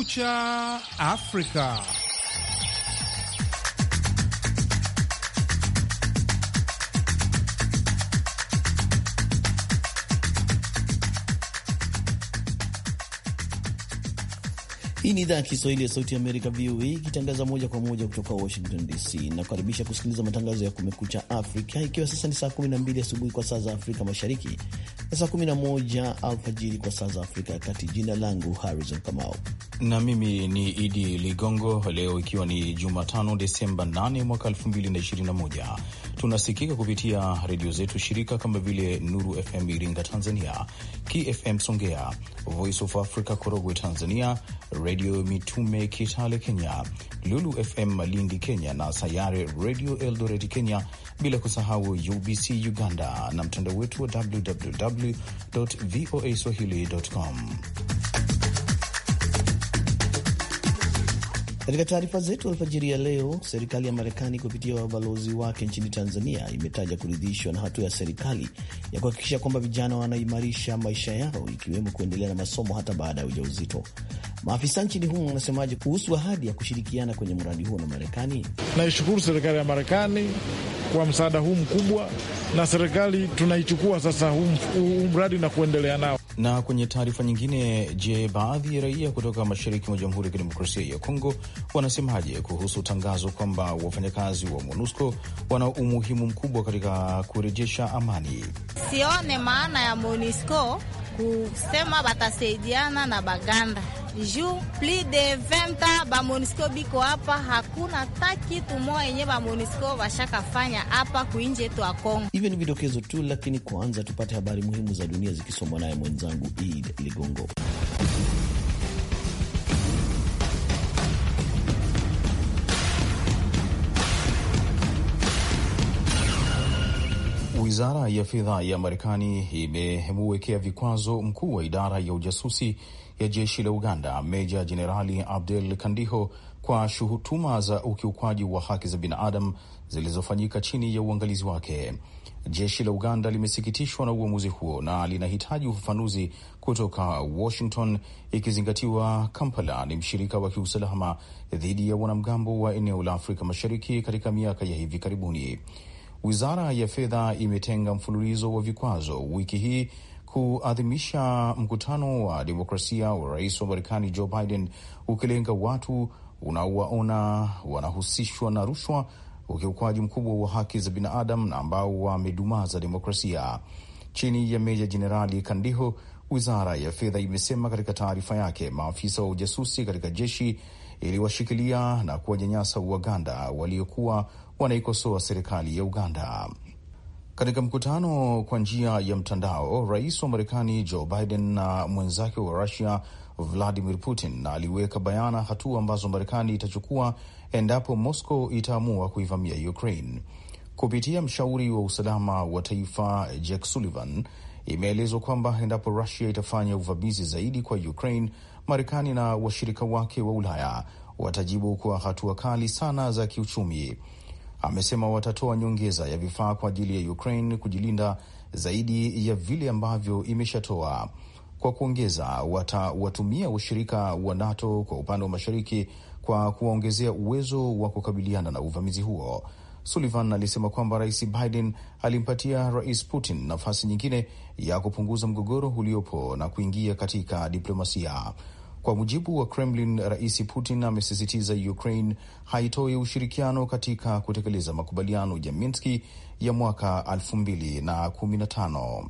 Kumekucha Afrika. Hii ni idhaa ya Kiswahili ya Sauti ya Amerika, VOA, ikitangaza moja kwa moja kutoka Washington DC. Nakukaribisha kusikiliza matangazo ya Kumekucha Afrika, ikiwa sasa ni saa 12 asubuhi kwa saa za Afrika Mashariki na saa 11 alfajiri kwa saa za Afrika ya Kati. Jina langu Harrison Kamau na mimi ni Idi Ligongo. Leo ikiwa ni Jumatano, Desemba 8 mwaka 2021 Tunasikika kupitia redio zetu shirika kama vile Nuru FM Iringa Tanzania, KFM Songea, Voice of Africa Korogwe Tanzania, Redio Mitume Kitale Kenya, Lulu FM Malindi Kenya na Sayare Redio Eldoret Kenya, bila kusahau UBC Uganda na mtandao wetu wa www voa swahili.com. Katika taarifa zetu alfajiri ya leo, serikali ya Marekani kupitia wabalozi wake nchini Tanzania imetaja kuridhishwa na hatua ya serikali ya kuhakikisha kwamba vijana wanaimarisha maisha yao, ikiwemo kuendelea na masomo hata baada ya ujauzito. Maafisa nchini humo wanasemaje kuhusu ahadi ya kushirikiana kwenye mradi huo na Marekani? Naishukuru serikali ya Marekani kwa msaada huu mkubwa, na serikali tunaichukua sasa huu mradi na kuendelea nao. Na kwenye taarifa nyingine, je, baadhi ya raia kutoka mashariki mwa Jamhuri ya Kidemokrasia ya Kongo wanasemaje kuhusu tangazo kwamba wafanyakazi wa MONUSCO wana umuhimu mkubwa katika kurejesha amani? Sione maana ya MONUSCO kusema watasaidiana na Baganda juu plus de 20 ba Monisco biko hapa, hakuna ta kitu mo yenye ba Monisco washakafanya hapa kuinje tu a Kongo. Hivyo ni vidokezo tu, lakini kwanza tupate habari muhimu za dunia zikisomwa naye mwenzangu Eid Ligongo. Wizara ya fedha ya Marekani imemwekea vikwazo mkuu wa idara ya ujasusi ya jeshi la Uganda Meja Jenerali Abdel Kandiho kwa shutuma za ukiukwaji wa haki za binadamu zilizofanyika chini ya uangalizi wake. Jeshi la Uganda limesikitishwa na uamuzi huo na linahitaji ufafanuzi kutoka Washington, ikizingatiwa Kampala ni mshirika wa kiusalama dhidi ya wanamgambo wa eneo la Afrika Mashariki katika miaka ya hivi karibuni. Wizara ya Fedha imetenga mfululizo wa vikwazo wiki hii kuadhimisha mkutano wa demokrasia wa rais wa Marekani Joe Biden ukilenga watu unaowaona wanahusishwa na rushwa, ukiukwaji mkubwa wa haki za binadamu na ambao wamedumaza demokrasia. Chini ya Meja Jenerali Kandiho, wizara ya fedha imesema katika taarifa yake, maafisa wa ujasusi katika jeshi iliwashikilia na kuwanyanyasa Waganda waliokuwa wanaikosoa serikali ya Uganda. Katika mkutano kwa njia ya mtandao, rais wa Marekani Joe Biden na mwenzake wa Rusia Vladimir Putin aliweka bayana hatua ambazo Marekani itachukua endapo Moscow itaamua kuivamia Ukraine. Kupitia mshauri wa usalama wa taifa Jake Sullivan, imeelezwa kwamba endapo Rusia itafanya uvamizi zaidi kwa Ukraine, Marekani na washirika wake wa Ulaya watajibu kwa hatua kali sana za kiuchumi amesema watatoa nyongeza ya vifaa kwa ajili ya Ukraine kujilinda zaidi ya vile ambavyo imeshatoa. Kwa kuongeza, watawatumia washirika wa NATO kwa upande wa mashariki kwa kuwaongezea uwezo wa kukabiliana na uvamizi huo. Sullivan alisema kwamba Rais Biden alimpatia Rais Putin nafasi nyingine ya kupunguza mgogoro uliopo na kuingia katika diplomasia. Kwa mujibu wa Kremlin, Rais Putin amesisitiza Ukraine haitoi ushirikiano katika kutekeleza makubaliano ya Minski ya mwaka 2015.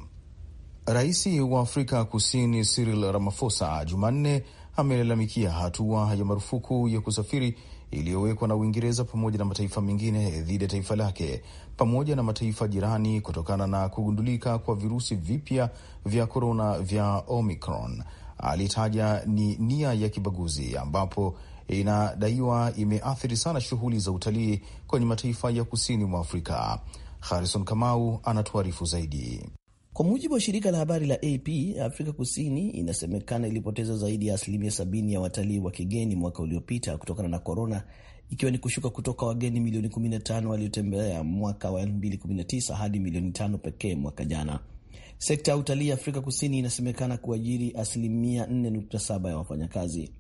Rais wa Afrika Kusini Cyril Ramaphosa Jumanne amelalamikia hatua ya marufuku ya kusafiri iliyowekwa na Uingereza pamoja na mataifa mengine dhidi ya taifa lake pamoja na mataifa jirani kutokana na kugundulika kwa virusi vipya vya korona vya Omicron alitaja ni nia ya kibaguzi ambapo inadaiwa imeathiri sana shughuli za utalii kwenye mataifa ya kusini mwa Afrika. Harrison Kamau anatuarifu zaidi. Kwa mujibu wa shirika la habari la AP, Afrika Kusini inasemekana ilipoteza zaidi ya asilimia sabini ya watalii wa kigeni mwaka uliopita kutokana na korona, ikiwa ni kushuka kutoka wageni milioni 15 waliotembelea mwaka wa 2019 hadi milioni tano pekee mwaka jana. Sekta ya utalii Afrika Kusini inasemekana kuajiri asilimia 4.7 ya wafanyakazi.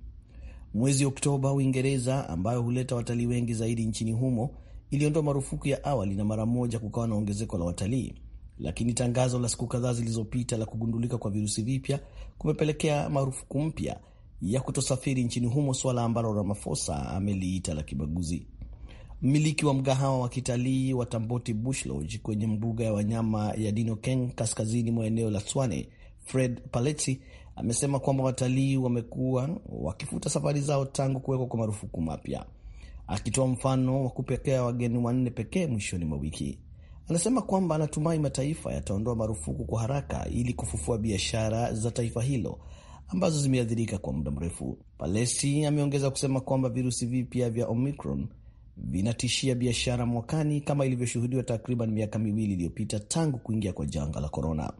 Mwezi Oktoba, Uingereza ambayo huleta watalii wengi zaidi nchini humo iliondoa marufuku ya awali na mara moja kukawa na ongezeko la watalii, lakini tangazo la siku kadhaa zilizopita la kugundulika kwa virusi vipya kumepelekea marufuku mpya ya kutosafiri nchini humo, suala ambalo Ramaphosa ameliita la kibaguzi. Mmiliki wa mgahawa wa kitalii wa Tamboti Bush Lodge kwenye mbuga ya wanyama ya Dinokeng kaskazini mwa eneo la Swane, Fred Paletsi amesema kwamba watalii wamekuwa wakifuta safari zao tangu kuwekwa kwa marufuku mapya, akitoa mfano wa kupekea wageni wanne pekee mwishoni mwa wiki. Anasema kwamba anatumai mataifa yataondoa marufuku kwa haraka ili kufufua biashara za taifa hilo ambazo zimeathirika kwa muda mrefu. Palesi ameongeza kusema kwamba virusi vipya vya Omicron vinatishia biashara mwakani kama ilivyoshuhudiwa takriban miaka miwili iliyopita tangu kuingia kwa janga la korona.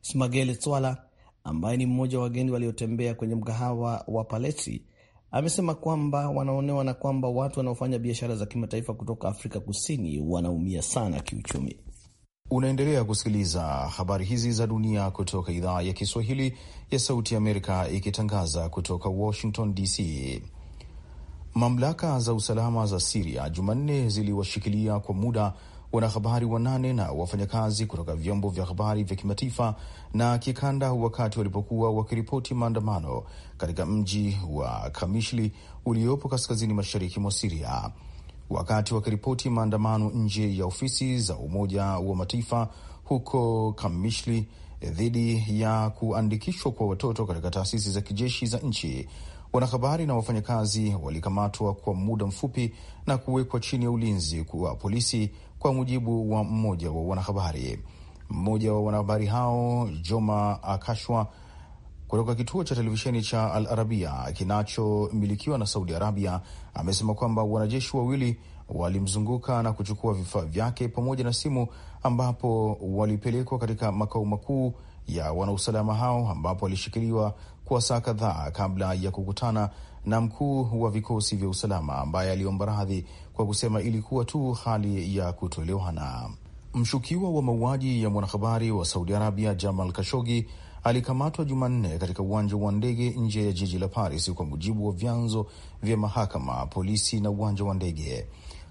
Smagele Tswala ambaye ni mmoja wa wageni waliotembea kwenye mgahawa wa Palesi amesema kwamba wanaonewa na kwamba watu wanaofanya biashara za kimataifa kutoka Afrika Kusini wanaumia sana kiuchumi. Unaendelea kusikiliza habari hizi za dunia kutoka idhaa ya Kiswahili ya Sauti ya Amerika ikitangaza kutoka Washington DC. Mamlaka za usalama za Siria Jumanne ziliwashikilia kwa muda wanahabari wanane na wafanyakazi kutoka vyombo vya habari vya kimataifa na kikanda wakati walipokuwa wakiripoti maandamano katika mji wa Kamishli uliopo kaskazini mashariki mwa Siria. Wakati wakiripoti maandamano nje ya ofisi za Umoja wa Mataifa huko Kamishli dhidi ya kuandikishwa kwa watoto katika taasisi za kijeshi za nchi, Wanahabari na wafanyakazi walikamatwa kwa muda mfupi na kuwekwa chini ya ulinzi wa polisi, kwa mujibu wa mmoja wa wanahabari. Mmoja wa wanahabari hao Joma Akashwa kutoka kituo cha televisheni cha Al Arabia kinachomilikiwa na Saudi Arabia amesema kwamba wanajeshi wawili walimzunguka na kuchukua vifaa vyake pamoja na simu, ambapo walipelekwa katika makao makuu ya wanausalama hao ambapo alishikiliwa kwa saa kadhaa kabla ya kukutana na mkuu wa vikosi vya usalama ambaye aliomba radhi kwa kusema ilikuwa tu hali ya kutoelewana. Mshukiwa wa mauaji ya mwanahabari wa Saudi Arabia Jamal Kashogi alikamatwa Jumanne katika uwanja wa ndege nje ya jiji la Paris, kwa mujibu wa vyanzo vya mahakama, polisi na uwanja wa ndege.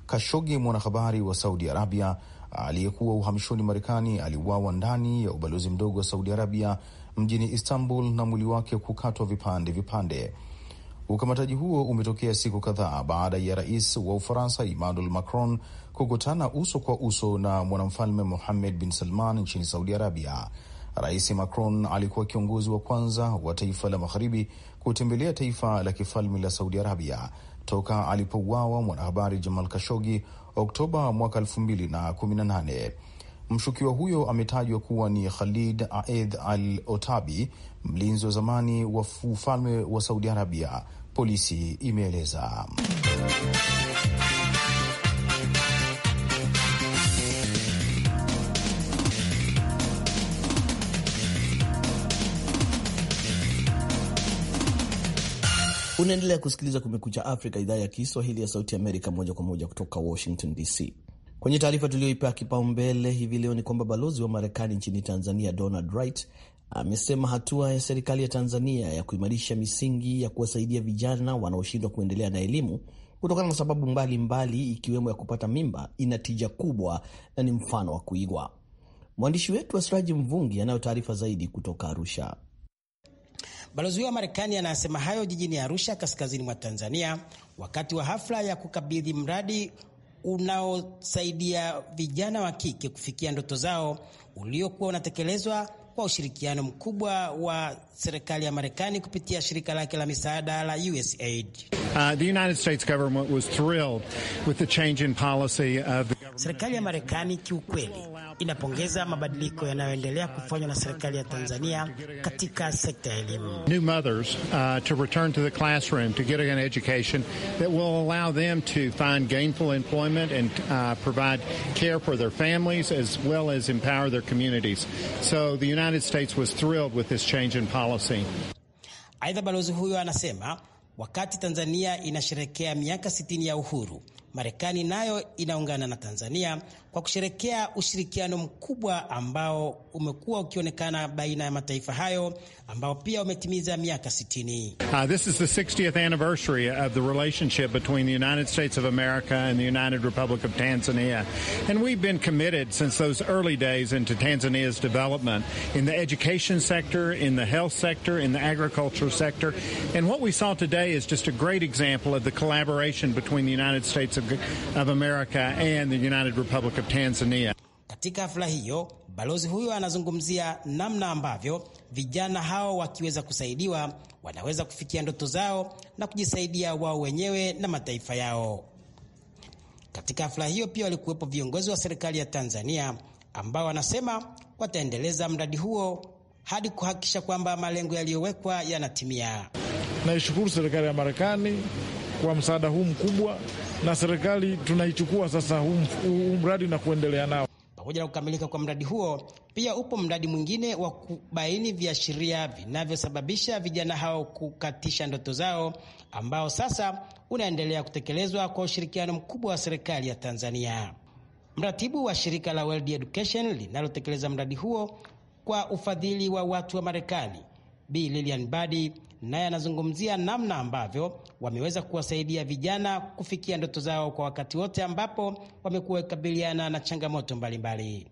Kashogi, mwanahabari wa Saudi Arabia aliyekuwa uhamishoni Marekani, aliuawa ndani ya ubalozi mdogo wa Saudi Arabia mjini Istanbul na mwili wake kukatwa vipande vipande. Ukamataji huo umetokea siku kadhaa baada ya rais wa Ufaransa Emmanuel Macron kukutana uso kwa uso na mwanamfalme Mohammed bin Salman nchini Saudi Arabia. Rais Macron alikuwa kiongozi wa kwanza wa taifa la magharibi kutembelea taifa la kifalme la Saudi Arabia toka alipouawa mwanahabari Jamal Kashogi Oktoba mwaka 2018. Mshukiwa huyo ametajwa kuwa ni Khalid Aed Al Otabi, mlinzi wa zamani wa ufalme wa Saudi Arabia, polisi imeeleza. Unaendelea kusikiliza Kumekucha Afrika, idhaa ya Kiswahili ya Sauti Amerika, moja kwa moja kutoka Washington DC. Kwenye taarifa tuliyoipa kipaumbele hivi leo ni kwamba balozi wa Marekani nchini Tanzania Donald Wright amesema hatua ya serikali ya Tanzania ya kuimarisha misingi ya kuwasaidia vijana wanaoshindwa kuendelea na elimu kutokana na sababu mbalimbali mbali, ikiwemo ya kupata mimba ina tija kubwa na ni mfano wa kuigwa. Mwandishi wetu Asraji Mvungi anayo taarifa zaidi kutoka Arusha. Balozi huyo wa Marekani anasema hayo jijini Arusha, kaskazini mwa Tanzania, wakati wa hafla ya kukabidhi mradi unaosaidia vijana wa kike kufikia ndoto zao uliokuwa unatekelezwa kwa ushirikiano mkubwa wa serikali ya Marekani kupitia shirika lake la misaada la USAID. Uh, the United States government was thrilled with the change in policy of the government. Serikali ya Marekani kiukweli inapongeza mabadiliko yanayoendelea kufanywa na serikali ya Tanzania katika sekta ya elimu. New mothers uh, to return to the classroom to get an education that will allow them to find gainful employment and uh, provide care for their families as well as empower their communities. So the United States was thrilled with this change in policy. Aidha, balozi huyo anasema wakati Tanzania inasherekea miaka 60 ya uhuru Marekani nayo inaungana na Tanzania kwa kusherekea ushirikiano mkubwa ambao umekuwa ukionekana baina ya mataifa hayo ambao pia umetimiza miaka 60. Uh, this is the 60th anniversary of the relationship between the United States of America and the United Republic of Tanzania. And we've been committed since those early days into Tanzania's development in the education sector, in the health sector, in the agriculture sector. And what we saw today is just a great example of the collaboration between the United States of of America and the United Republic of Tanzania. Katika hafla hiyo, balozi huyo anazungumzia namna ambavyo vijana hao wakiweza kusaidiwa wanaweza kufikia ndoto zao na kujisaidia wao wenyewe na mataifa yao. Katika hafla hiyo pia walikuwepo viongozi wa serikali ya Tanzania ambao wanasema wataendeleza mradi huo hadi kuhakikisha kwamba malengo yaliyowekwa yanatimia. Naishukuru serikali ya Marekani kwa msaada huu mkubwa na serikali tunaichukua sasa huu mradi na kuendelea nao. Pamoja na kukamilika kwa mradi huo, pia upo mradi mwingine wa kubaini viashiria vinavyosababisha vijana hao kukatisha ndoto zao, ambao sasa unaendelea kutekelezwa kwa ushirikiano mkubwa wa serikali ya Tanzania. Mratibu wa shirika la World Education linalotekeleza mradi huo kwa ufadhili wa watu wa Marekani Bi Lilian Badi naye anazungumzia namna ambavyo wameweza kuwasaidia vijana kufikia ndoto zao kwa wakati wote ambapo wamekuwa wakikabiliana na changamoto mbalimbali.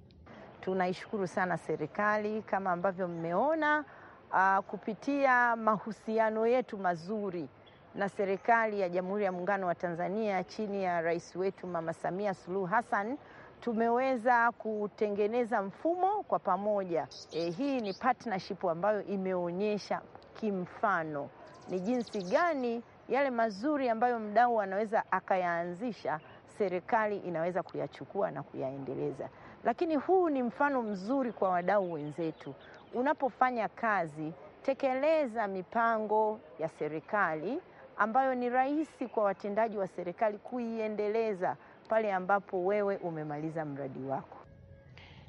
Tunaishukuru sana serikali kama ambavyo mmeona uh, kupitia mahusiano yetu mazuri na serikali ya Jamhuri ya Muungano wa Tanzania chini ya rais wetu Mama Samia Suluhu Hassan tumeweza kutengeneza mfumo kwa pamoja. E, hii ni partnership ambayo imeonyesha kimfano ni jinsi gani yale mazuri ambayo mdau anaweza akayaanzisha, serikali inaweza kuyachukua na kuyaendeleza. Lakini huu ni mfano mzuri kwa wadau wenzetu. Unapofanya kazi, tekeleza mipango ya serikali ambayo ni rahisi kwa watendaji wa serikali kuiendeleza pale ambapo wewe umemaliza mradi wako.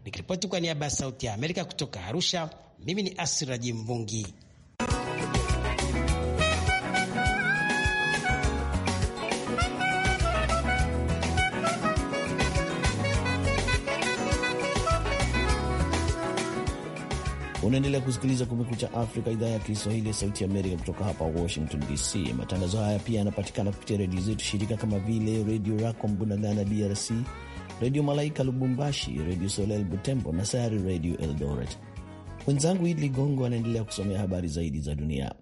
Nikiripoti kwa niaba ya Sauti ya Amerika kutoka Arusha, mimi ni Asiraji Mvungi. Unaendelea kusikiliza Kumekucha Afrika, idhaa ya Kiswahili ya Sauti Amerika kutoka hapa Washington DC. Matangazo haya pia yanapatikana kupitia redio zetu shirika kama vile Redio Rako Mbunagana DRC, Redio Malaika Lubumbashi, Redio Soleil Butembo na Sayari Redio Eldoret. Mwenzangu Idi Ligongo anaendelea kusomea habari zaidi za dunia.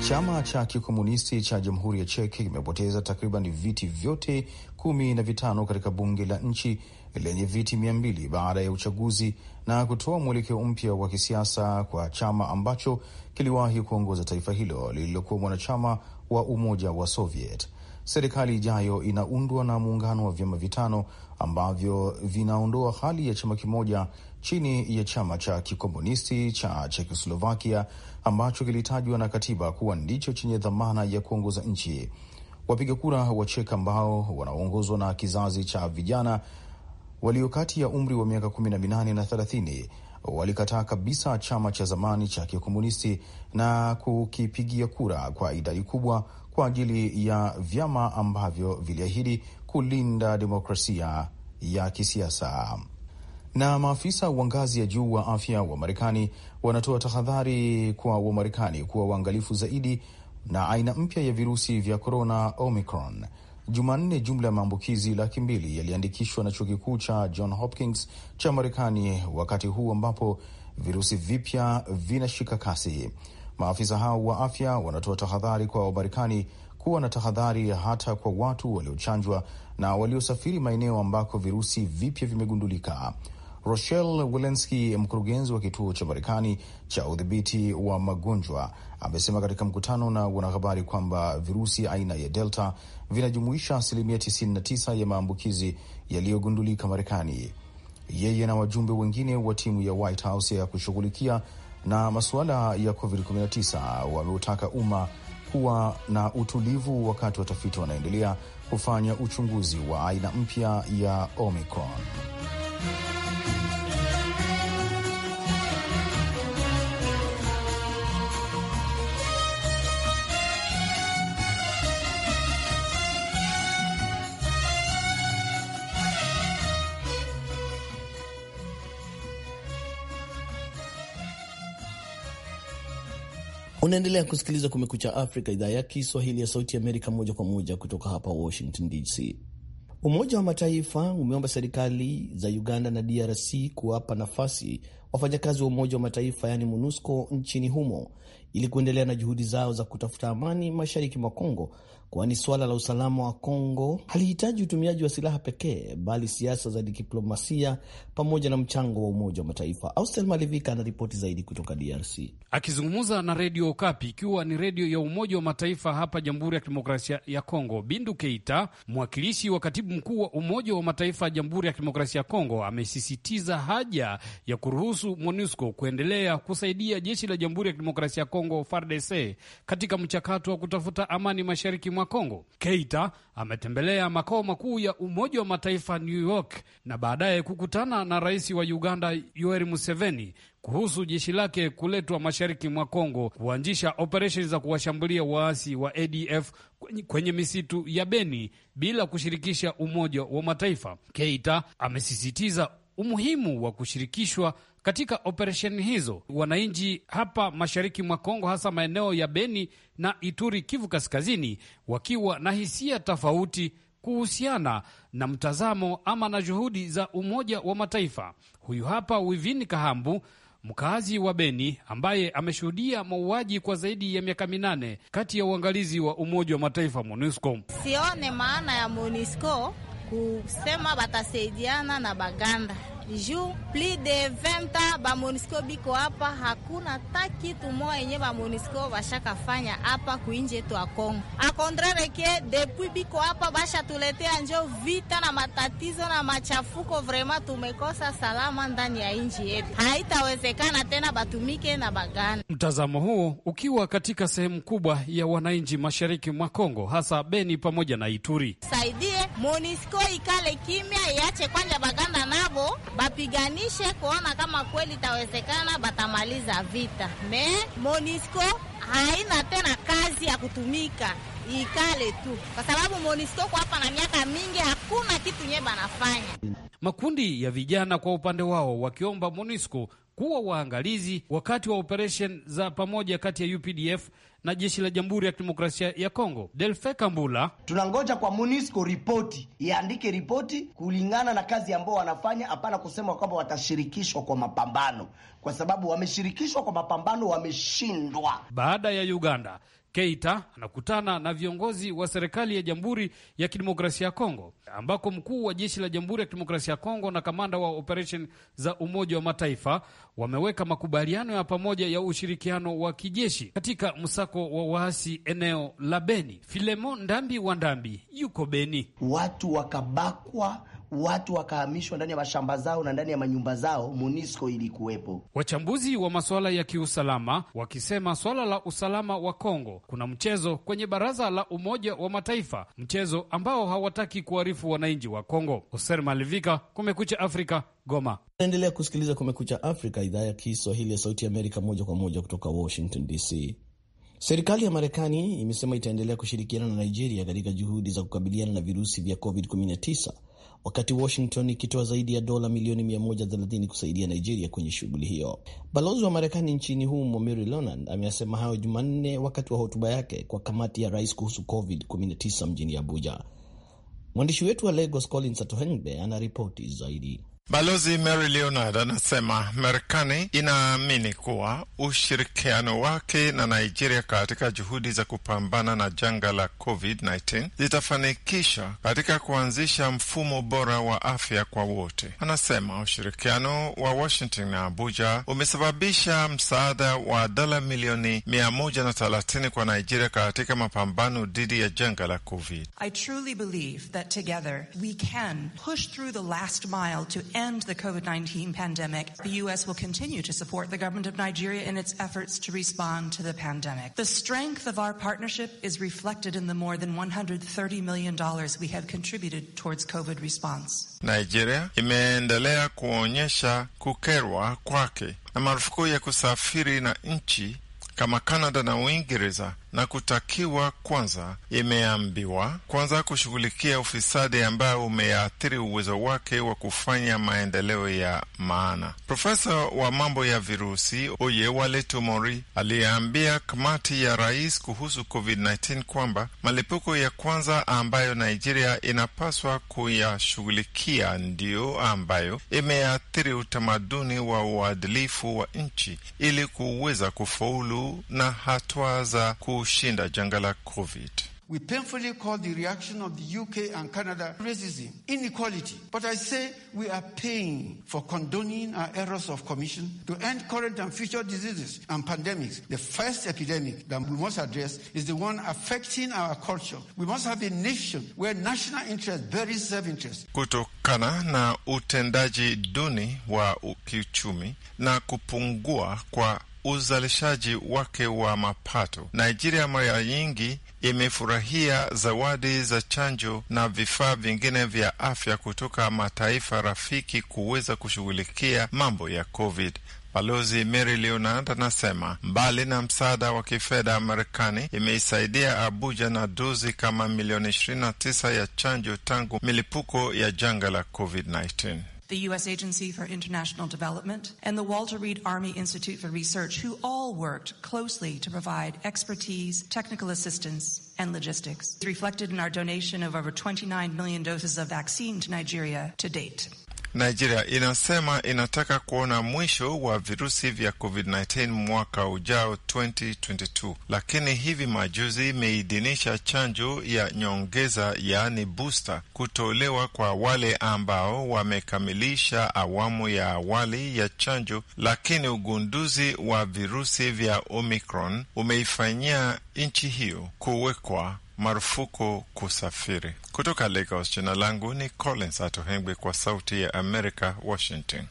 Chama cha kikomunisti cha jamhuri ya Cheki kimepoteza takriban viti vyote kumi na vitano katika bunge la nchi lenye viti mia mbili baada ya uchaguzi na kutoa mwelekeo mpya wa kisiasa kwa chama ambacho kiliwahi kuongoza taifa hilo lililokuwa mwanachama wa Umoja wa Soviet. Serikali ijayo inaundwa na muungano wa vyama vitano ambavyo vinaondoa hali ya chama kimoja chini ya chama cha kikomunisti cha Chekoslovakia ambacho kilitajwa na katiba kuwa ndicho chenye dhamana ya kuongoza nchi. Wapiga kura wa Chek ambao wanaongozwa na kizazi cha vijana walio kati ya umri wa miaka 18 na 30 walikataa kabisa chama cha zamani cha kikomunisti na kukipigia kura kwa idadi kubwa kwa ajili ya vyama ambavyo viliahidi kulinda demokrasia ya kisiasa. Na maafisa wa ngazi ya juu wa afya wa Marekani wanatoa tahadhari kwa Wamarekani kuwa waangalifu zaidi na aina mpya ya virusi vya korona, Omicron. Jumanne, jumla ya maambukizi laki mbili yaliandikishwa na chuo kikuu cha John Hopkins cha Marekani, wakati huu ambapo virusi vipya vinashika kasi. Maafisa hao wa afya wanatoa tahadhari kwa Wamarekani kuwa na tahadhari hata kwa watu waliochanjwa na waliosafiri maeneo ambako virusi vipya vimegundulika. Rochelle Walensky, mkurugenzi wa kituo cha Marekani cha udhibiti wa magonjwa, amesema katika mkutano na wanahabari kwamba virusi aina ya Delta vinajumuisha asilimia 99 ya maambukizi yaliyogundulika Marekani. Yeye na wajumbe wengine wa timu ya White House ya kushughulikia na masuala ya COVID-19 wameutaka umma kuwa na utulivu wakati watafiti wanaendelea kufanya uchunguzi wa aina mpya ya Omicron. Unaendelea kusikiliza Kumekucha Afrika, idhaa ya Kiswahili ya Sauti ya Amerika, moja kwa moja kutoka hapa Washington DC. Umoja wa Mataifa umeomba serikali za Uganda na DRC kuwapa nafasi wafanyakazi wa Umoja wa Mataifa yaani MONUSCO nchini humo ili kuendelea na juhudi zao za kutafuta amani mashariki mwa Kongo, kwani suala la usalama wa Kongo halihitaji utumiaji wa silaha pekee, bali siasa za diplomasia pamoja na mchango wa Umoja wa Mataifa. Austel Malivika ripoti zaidi kutoka DRC. Akizungumza na Redio Okapi, ikiwa ni redio ya Umoja wa Mataifa hapa Jamhuri ya Kidemokrasia ya Kongo, Bindu Keita, mwakilishi wa katibu mkuu wa Umoja wa Mataifa ya Jamhuri ya Kidemokrasia ya Kongo, amesisitiza haja ya kuruhusu kuruhusu MONUSCO kuendelea kusaidia jeshi la Jamhuri ya Kidemokrasia ya Kongo FARDC katika mchakato wa kutafuta amani mashariki mwa Kongo. Keita ametembelea makao makuu ya Umoja wa Mataifa New York na baadaye kukutana na rais wa Uganda Yoweri Museveni kuhusu jeshi lake kuletwa mashariki mwa Kongo kuanzisha operesheni za kuwashambulia waasi wa ADF kwenye misitu ya Beni bila kushirikisha Umoja wa Mataifa. Keita amesisitiza umuhimu wa kushirikishwa katika operesheni hizo wananchi hapa mashariki mwa Kongo, hasa maeneo ya Beni na Ituri, Kivu Kaskazini, wakiwa na hisia tofauti kuhusiana na mtazamo ama na juhudi za Umoja wa Mataifa. Huyu hapa Wivini Kahambu, mkaazi wa Beni ambaye ameshuhudia mauaji kwa zaidi ya miaka minane kati ya uangalizi wa Umoja wa Mataifa MONUSCO. Sione maana ya MONUSCO kusema batasaidiana na Baganda juu plus de 20 ba Monisco biko hapa, hakuna ta kitu moya yenye ba MONUSCO bashakafanya hapa kuinji yetu ya Kongo. A contraire que depuis biko hapa bashatuletea njo vita na matatizo na machafuko, vraiment tumekosa salama ndani ya inji yetu, haitawezekana tena batumike na bagana. Mtazamo huo ukiwa katika sehemu kubwa ya wananchi mashariki mwa Kongo, hasa Beni pamoja na Ituri. Saidie Monisco ikale kimya, iache kwanja baganda nabo bapiganishe kuona kama kweli itawezekana, batamaliza vita. Me Monisco haina tena kazi ya kutumika ikale tu, kwa sababu Monisco kwa hapa na miaka mingi hakuna kitu nyewe banafanya. Makundi ya vijana kwa upande wao wakiomba Monisco kuwa waangalizi wakati wa operesheni za pamoja kati ya UPDF na jeshi la Jamhuri ya Kidemokrasia ya Kongo. Delfe Kambula: tunangoja kwa MONUSCO ripoti iandike ripoti kulingana na kazi ambao wanafanya, hapana kusema kwamba watashirikishwa kwa mapambano, kwa sababu wameshirikishwa kwa mapambano wameshindwa. Baada ya Uganda Keita anakutana na viongozi wa serikali ya Jamhuri ya Kidemokrasia ya Kongo, ambako mkuu wa jeshi la Jamhuri ya Kidemokrasia ya Kongo na kamanda wa operesheni za Umoja wa Mataifa wameweka makubaliano ya pamoja ya ushirikiano wa kijeshi katika msako wa waasi eneo la Beni. Filemon Ndambi wa Ndambi yuko Beni, watu wakabakwa watu wakahamishwa ndani ya mashamba zao na ndani ya manyumba zao, MONUSCO ilikuwepo. Wachambuzi wa masuala ya kiusalama wakisema swala la usalama wa Kongo kuna mchezo kwenye baraza la Umoja wa Mataifa, mchezo ambao hawataki kuharifu wananchi wa Kongo. Hoser Malivika, Kumekucha Afrika, Goma. Naendelea kusikiliza Kumekucha Afrika, idhaa ya Kiswahili ya Sauti ya Amerika, moja kwa moja kutoka Washington DC. Serikali ya Marekani imesema itaendelea kushirikiana na Nigeria katika juhudi za kukabiliana na virusi vya COVID-19 wakati Washington ikitoa zaidi ya dola milioni 130 kusaidia Nigeria kwenye shughuli hiyo. Balozi wa Marekani nchini humo Mary lonan amesema hayo Jumanne wakati wa hotuba yake kwa kamati ya rais kuhusu COVID-19 mjini Abuja. Mwandishi wetu wa Lagos Collins Atohengbe anaripoti zaidi. Balozi Mary Leonard anasema Marekani inaamini kuwa ushirikiano wake na Nigeria katika juhudi za kupambana na janga la COVID-19 zitafanikisha katika kuanzisha mfumo bora wa afya kwa wote. Anasema ushirikiano wa Washington na Abuja umesababisha msaada wa dola milioni 130 kwa Nigeria katika mapambano dhidi ya janga la COVID. I truly end the COVID 19 pandemic, the U.S. will continue to support the government of Nigeria in its efforts to respond to the pandemic. The strength of our partnership is reflected in the more than $130 million we have contributed towards COVID response. Nigeria imeendelea kuonyesha kukerwa kwake na marufuku ya kusafiri na nchi kama Canada na Uingereza na kutakiwa kwanza, imeambiwa kwanza kushughulikia ufisadi ambayo umeathiri uwezo wake wa kufanya maendeleo ya maana. Profesa wa mambo ya virusi Oyewale waletomori aliyeambia kamati ya rais kuhusu COVID-19 kwamba malipuko ya kwanza ambayo Nigeria inapaswa kuyashughulikia ndiyo ambayo imeathiri utamaduni wa uadilifu wa nchi ili kuweza kufaulu na hatua za ku kushinda janga la COVID. We painfully call the reaction of the UK and Canada racism, inequality. But I say we are paying for condoning our errors of commission to end current and future diseases and pandemics. The first epidemic that we must address is the one affecting our culture. We must have a nation where national interest buries self-interest. Kutokana na utendaji duni wa kiuchumi na kupungua kwa uzalishaji wake wa mapato. Nigeria mara nyingi imefurahia zawadi za chanjo na vifaa vingine vya afya kutoka mataifa rafiki kuweza kushughulikia mambo ya COVID. Balozi Mary Leonard anasema mbali na msaada wa kifedha, Marekani imeisaidia Abuja na dozi kama milioni 29 ya chanjo tangu milipuko ya janga la COVID-19. the U.S. Agency for International Development, and the Walter Reed Army Institute for Research, who all worked closely to provide expertise, technical assistance, and logistics, reflected in our donation of over 29 million doses of vaccine to Nigeria to date. Nigeria inasema inataka kuona mwisho wa virusi vya COVID-19 mwaka ujao 2022, lakini hivi majuzi imeidhinisha chanjo ya nyongeza, yaani booster, kutolewa kwa wale ambao wamekamilisha awamu ya awali ya chanjo, lakini ugunduzi wa virusi vya Omicron umeifanyia nchi hiyo kuwekwa marufuku kusafiri kutoka Lagos. Jina langu ni Collins Atohengwi, kwa Sauti ya Amerika, Washington.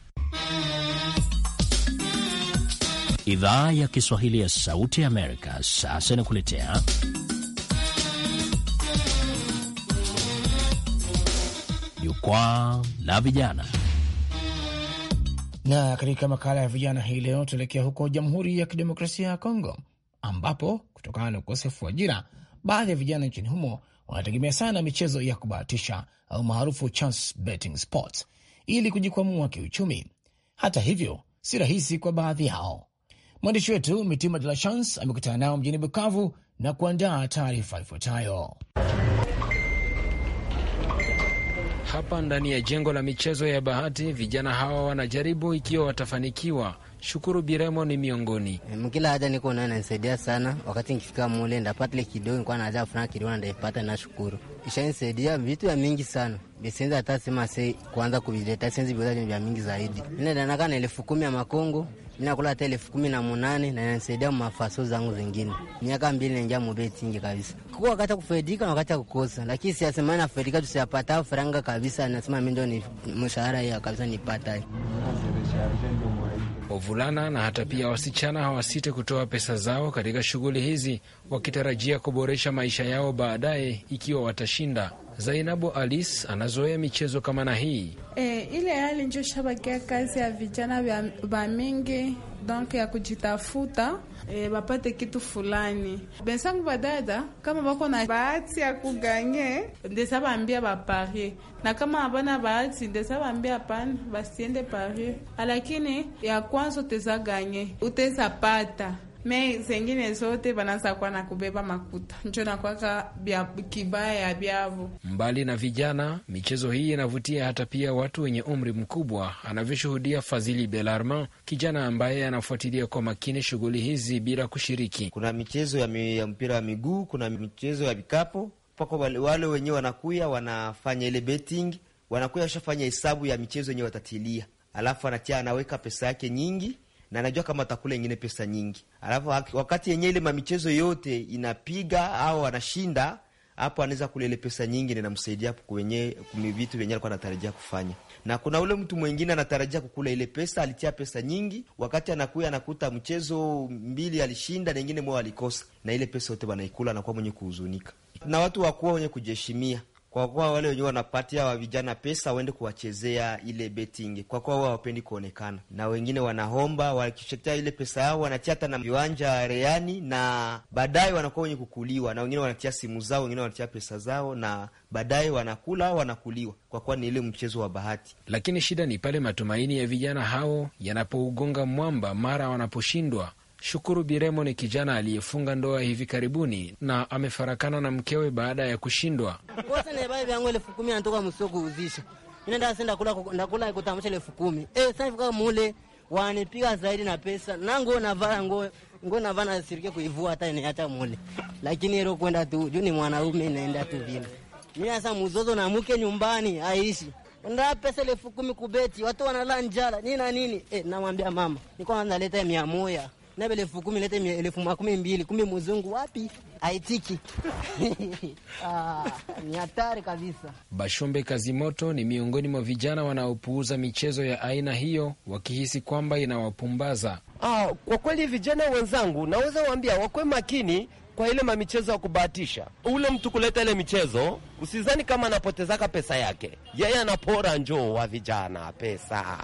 Idhaa ya Kiswahili ya Sauti ya Amerika sasa inakuletea Jukwaa la Vijana, na katika makala ya vijana hii leo tuelekea huko Jamhuri ya Kidemokrasia ya Kongo, ambapo kutokana na ukosefu wa ajira baadhi ya vijana nchini humo wanategemea sana michezo ya kubahatisha au maarufu chance betting sports ili kujikwamua kiuchumi. Hata hivyo, si rahisi kwa baadhi yao. Mwandishi wetu Mitima De La Chance amekutana nao mjini Bukavu na kuandaa taarifa ifuatayo. Hapa ndani ya jengo la michezo ya bahati, vijana hawa wanajaribu ikiwa watafanikiwa Shukuru Biremo ni miongoni mkila haja niko nayo nanisaidia sana. Wakati nikifika mule ndapatile kidogo, nikuwa na haja fulani kidogo ndaipata na shukuru ishanisaidia vitu vya mingi sana besenzi hata sema se kuanza kuvileta senzi vyoza vya mingi zaidi. Mimi danaka na elfu kumi ya makongo minakula hata elfu kumi na munane na inanisaidia mafaso zangu zingine. Miaka mbili naingia mubeti ingi kabisa kuko wakati kufaidika na wakati kukosa, lakini siasema nafaidika tusiapata faranga kabisa. Nasema mindo ni mshahara ya kabisa nipata Wavulana na hata pia wasichana hawasite kutoa pesa zao katika shughuli hizi, wakitarajia kuboresha maisha yao baadaye ikiwa watashinda. Zainabu Alis anazoea michezo kama na hii. E, ile hali njo shabakia kazi ya vijana vya mingi donc ya kujitafuta e, eh, bapate kitu fulani. Bensangu badada kama bako na bahati ya kuganye ndesa bambia bapari na kama abana bahati ndesa bambia pan basiende parie, alakini ya kwanza uteza ganye uteza pata me zengine zote banaweza kuwa na kubeba makuta, njo nakwaka kibaya ya Mbali na vijana, michezo hii inavutia hata pia watu wenye umri mkubwa, anavyoshuhudia Fadhili belarma kijana ambaye anafuatilia kwa makini shughuli hizi bila kushiriki. Kuna michezo ya, mi, ya mpira wa miguu, kuna michezo ya vikapo pako, wale wenyewe wanakuya wanafanya ile betting, wanakuya washafanya hesabu ya michezo yenyewe watatilia, alafu anatia anaweka pesa yake nyingi na najua kama atakula ingine pesa nyingi. Alafu wakati yenye ile mamichezo yote inapiga au anashinda hapo anaweza kula ile pesa nyingi, namsaidia kwenye vitu vyenye alikuwa anatarajia kufanya. Na kuna ule mtu mwingine anatarajia kukula ile pesa, alitia pesa nyingi, wakati anakuya anakuta mchezo mbili alishinda na ingine mwao alikosa, na ile pesa yote wanaikula, anakuwa mwenye kuhuzunika. Na watu wakuwa wenye kujiheshimia kwa kuwa wale wenyewe wanapatia wa vijana pesa waende kuwachezea ile betting, kwa kuwa wao hawapendi kuonekana na wengine. Wanahomba wakishatia ile pesa yao wanatia hata na viwanja reani, na baadaye wanakuwa wenye kukuliwa, na wengine wanatia simu zao, wengine wanatia pesa zao, na baadaye wanakula au wanakuliwa, kwa kuwa ni ile mchezo wa bahati. Lakini shida ni pale matumaini ya vijana hao yanapougonga mwamba mara wanaposhindwa Shukuru Biremo ni kijana aliyefunga ndoa hivi karibuni na amefarakana na mkewe baada ya kushindwa. Eh, wanipiga zaidi na pesa navaa nguo nguo navaa na sirike kuivua hata ni hata mule, lakini kwenda tu juu ni mwanaume naenda tu vile. Mimi sasa mzozo na mke nyumbani aishi pesa elfu kumi kubeti, watu njala na nini eh, namwambia mama niko mia moja nabe elfu kumi lete elfu makumi mbili kumi mzungu wapi aitiki. Ah, ni hatari kabisa. Bashombe Kazimoto ni miongoni mwa vijana wanaopuuza michezo ya aina hiyo wakihisi kwamba inawapumbaza. Ah, kwa kweli vijana wenzangu naweza waambia wakwe makini kwa ile mamichezo ya kubahatisha. Ule mtu kuleta ile michezo, usizani kama anapotezaka pesa yake, yeye anapora njoo wa vijana pesa,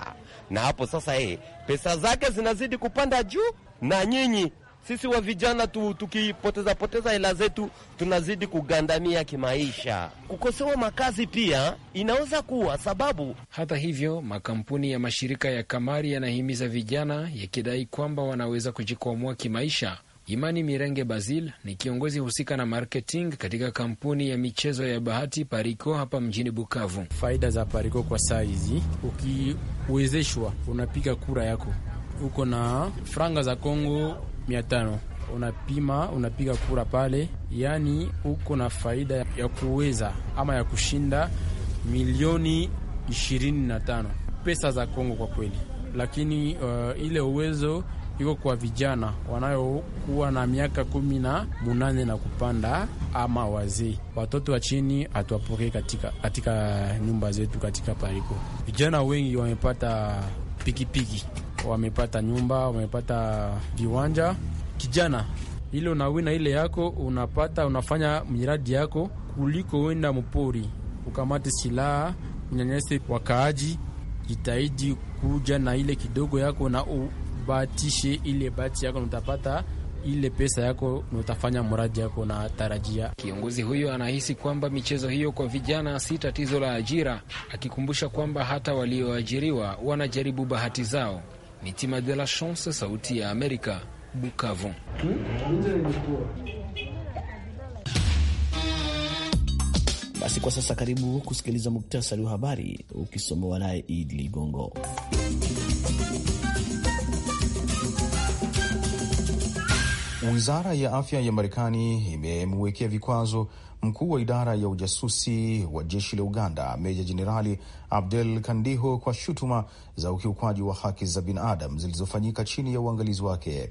na hapo sasa yeye eh, pesa zake zinazidi kupanda juu, na nyinyi sisi wa vijana tu tukipoteza poteza hela zetu tunazidi kugandamia kimaisha. Kukosewa makazi pia inaweza kuwa sababu. Hata hivyo, makampuni ya mashirika ya kamari yanahimiza vijana, yakidai kwamba wanaweza kujikwamua kimaisha Imani Mirenge Bazil ni kiongozi husika na marketing katika kampuni ya michezo ya bahati Parico hapa mjini Bukavu. Faida za pariko kwa saa hizi, ukiwezeshwa unapiga kura yako, uko na franga za Kongo mia tano unapima unapiga kura pale, yaani uko na faida ya kuweza ama ya kushinda milioni ishirini na tano pesa za Kongo kwa kweli, lakini uh, ile uwezo iko kwa vijana wanayokuwa na miaka kumi na munane na kupanda, ama wazee. Watoto wa chini hatuwapokee katika, katika nyumba zetu. Katika pariko vijana wengi wamepata pikipiki, wamepata nyumba, wamepata viwanja. Kijana ile unawina ile yako unapata unafanya miradi yako kuliko wenda mpori ukamate silaha unyanyese wakaaji. Jitahidi kuja na ile kidogo yako na u ubatishe ile bati yako, nitapata ile pesa yako na utafanya mradi yako na tarajia. Kiongozi huyo anahisi kwamba michezo hiyo kwa vijana si tatizo la ajira, akikumbusha kwamba hata walioajiriwa wanajaribu bahati zao. Mitima de la Chance, Sauti ya Amerika, Bukavu. Basi kwa sasa, karibu kusikiliza muktasari wa habari ukisomewa naye Idi Ligongo. Wizara ya afya ya Marekani imemwekea vikwazo mkuu wa idara ya ujasusi wa jeshi la Uganda, Meja Jenerali Abdel Kandiho kwa shutuma za ukiukwaji wa haki za binadamu zilizofanyika chini ya uangalizi wake.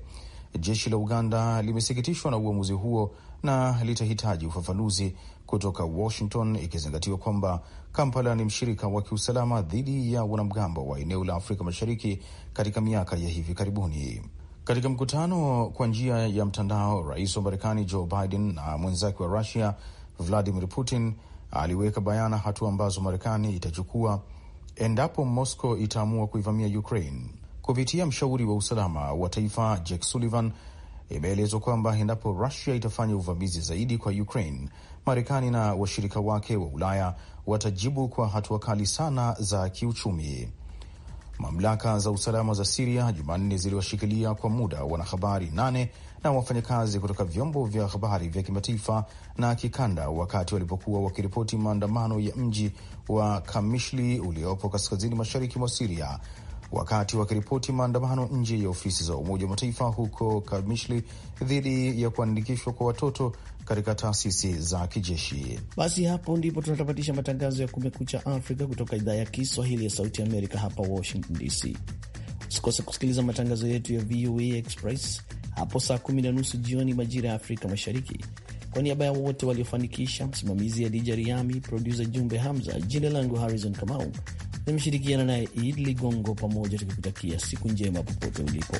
Jeshi la Uganda limesikitishwa na uamuzi huo na litahitaji ufafanuzi kutoka Washington, ikizingatiwa kwamba Kampala ni mshirika wa kiusalama dhidi ya wanamgambo wa eneo la Afrika Mashariki katika miaka ya hivi karibuni. Katika mkutano kwa njia ya mtandao, rais wa Marekani Joe Biden na mwenzake wa Rusia Vladimir Putin aliweka bayana hatua ambazo Marekani itachukua endapo Moscow itaamua kuivamia Ukraine. Kupitia mshauri wa usalama wa taifa Jake Sullivan, imeelezwa kwamba endapo Rusia itafanya uvamizi zaidi kwa Ukraine, Marekani na washirika wake wa Ulaya watajibu kwa hatua kali sana za kiuchumi. Mamlaka za usalama za Siria Jumanne ziliwashikilia kwa muda wanahabari nane na wafanyakazi kutoka vyombo vya habari vya kimataifa na kikanda wakati walipokuwa wakiripoti maandamano ya mji wa Kamishli uliopo kaskazini mashariki mwa Siria wakati wakiripoti maandamano nje ya ofisi za Umoja wa Mataifa huko Kamishli dhidi ya kuandikishwa kwa watoto katika taasisi za kijeshi. Basi hapo ndipo tunatamatisha matangazo ya Kumekucha Afrika kutoka idhaa ya Kiswahili ya Sauti Amerika hapa Washington DC. Usikose kusikiliza matangazo yetu ya VOA Express hapo saa kumi na nusu jioni majira ya Afrika Mashariki. Kwa niaba ya wote waliofanikisha, msimamizi Adija Riami, produsa Jumbe Hamza, jina langu Harrison Kamau Nimeshirikiana naye Id Ligongo, pamoja tukikutakia siku njema popote ulipo.